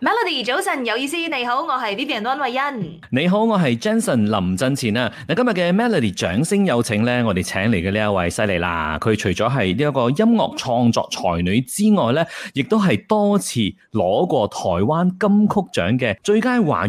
Melody 早晨有意思，你好，我係呢邊嘅安慧欣。你好，我係 Jason 林振前啊。嗱，今日嘅 Melody 掌聲有請咧，我哋請嚟嘅呢一位犀利啦。佢除咗係呢一個音樂創作才女之外咧，亦都係多次攞過台灣金曲獎嘅最佳華語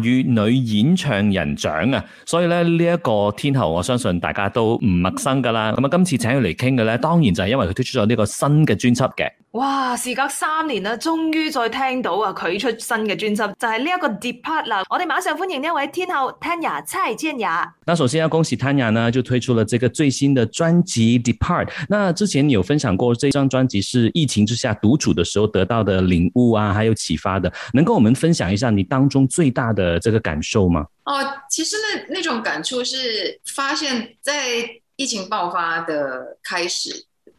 女演唱人獎啊。所以咧呢一個天后，我相信大家都唔陌生噶啦。咁啊，今次請佢嚟傾嘅咧，當然就係因為佢推出咗呢個新嘅專輯嘅。哇！事隔三年啦，終於再聽到啊，佢出新嘅專輯就係呢一個 Depart 啦。我哋馬上歡迎呢一位天后 Tanya，蔡健雅，那首先要恭喜 Tanya 呢，就推出了這個最新的專輯 Depart。那之前你有分享過，這張專輯是疫情之下獨處的時候得到的領悟啊，還有啟發的，能跟我們分享一下你當中最大的這個感受嗎？哦、呃，其實那那種感觸是發現，在疫情爆發的開始。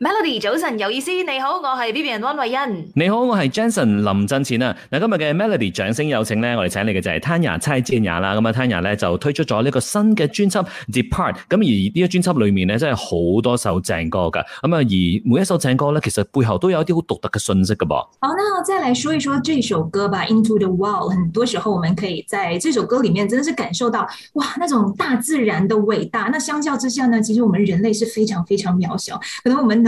Melody 早晨有意思，你好，我係 Vivian 溫慧欣。你好，我係 Johnson 林振錢啊。嗱，今日嘅 Melody 掌聲有請呢，我哋請嚟嘅就係 Tanya 蔡健雅啦。咁啊，Tanya 咧就推出咗呢個新嘅專輯 Depart。咁 Dep 而，呢個專輯裏面呢，真係好多首正歌噶。咁啊，而每一首正歌咧，其實背後都有一啲好獨特嘅信息噶噃。好，那我再嚟說一說這首歌吧。Into the Wild，很多時候我們可以在這首歌裏面，真的是感受到哇，那種大自然的偉大。那相較之下呢，其實我們人類是非常非常渺小，可能我們。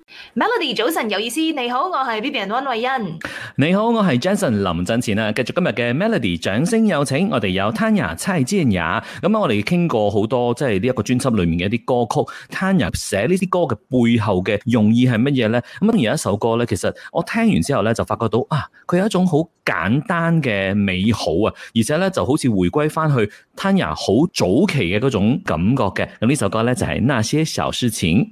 Melody，早晨有意思，你好，我係 B B and 溫慧欣。你好，我係 Jason 林振前啊，繼續今日嘅 Melody 掌聲有請，我哋有 Tanya 蔡健雅。咁啊，我哋傾過好多即係呢一個專輯裏面嘅一啲歌曲，Tanya 寫呢啲歌嘅背後嘅用意係乜嘢咧？咁啊，有一首歌咧，其實我聽完之後咧就發覺到啊，佢有一種好簡單嘅美好啊，而且咧就好似回歸翻去 Tanya 好早期嘅嗰種感覺嘅。咁呢首歌咧就係、是、那些小事情。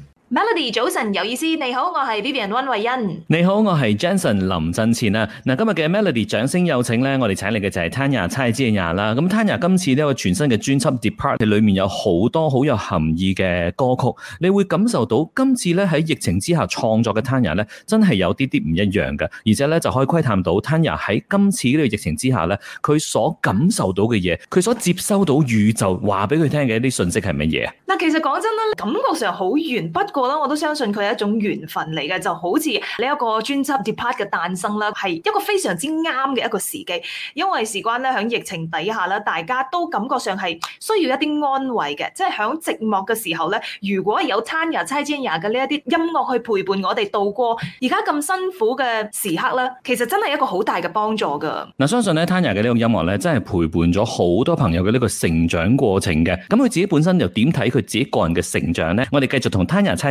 Melody 早晨有意思，你好，我係 Vivian 溫慧欣。你好，我係 Jason 林振前啊。嗱，今日嘅 Melody 掌聲有請咧，我哋請嚟嘅就係 Tanya 蔡健雅啦。咁 Tanya 今次呢個全新嘅專輯 Depart 裏面有好多好有含義嘅歌曲，你會感受到今次咧，喺疫情之下創作嘅 Tanya 咧，真係有啲啲唔一樣嘅，而且咧就可以窺探到 Tanya 喺今次呢個疫情之下咧，佢所感受到嘅嘢，佢所接收到宇宙話俾佢聽嘅一啲信息係乜嘢啊？嗱，其實講真啦，感覺上好遠，不過。我都相信佢係一種緣分嚟嘅，就好似呢一個專輯 Depart 嘅誕生啦，係一個非常之啱嘅一個時機，因為事關咧喺疫情底下咧，大家都感覺上係需要一啲安慰嘅，即係響寂寞嘅時候咧，如果有 Tanya 蔡健雅嘅呢一啲音樂去陪伴我哋度過而家咁辛苦嘅時刻啦，其實真係一個好大嘅幫助㗎。嗱，相信咧 Tanya 嘅呢個音樂咧，真係陪伴咗好多朋友嘅呢個成長過程嘅。咁佢自己本身又點睇佢自己個人嘅成長咧？我哋繼續同 Tanya 蔡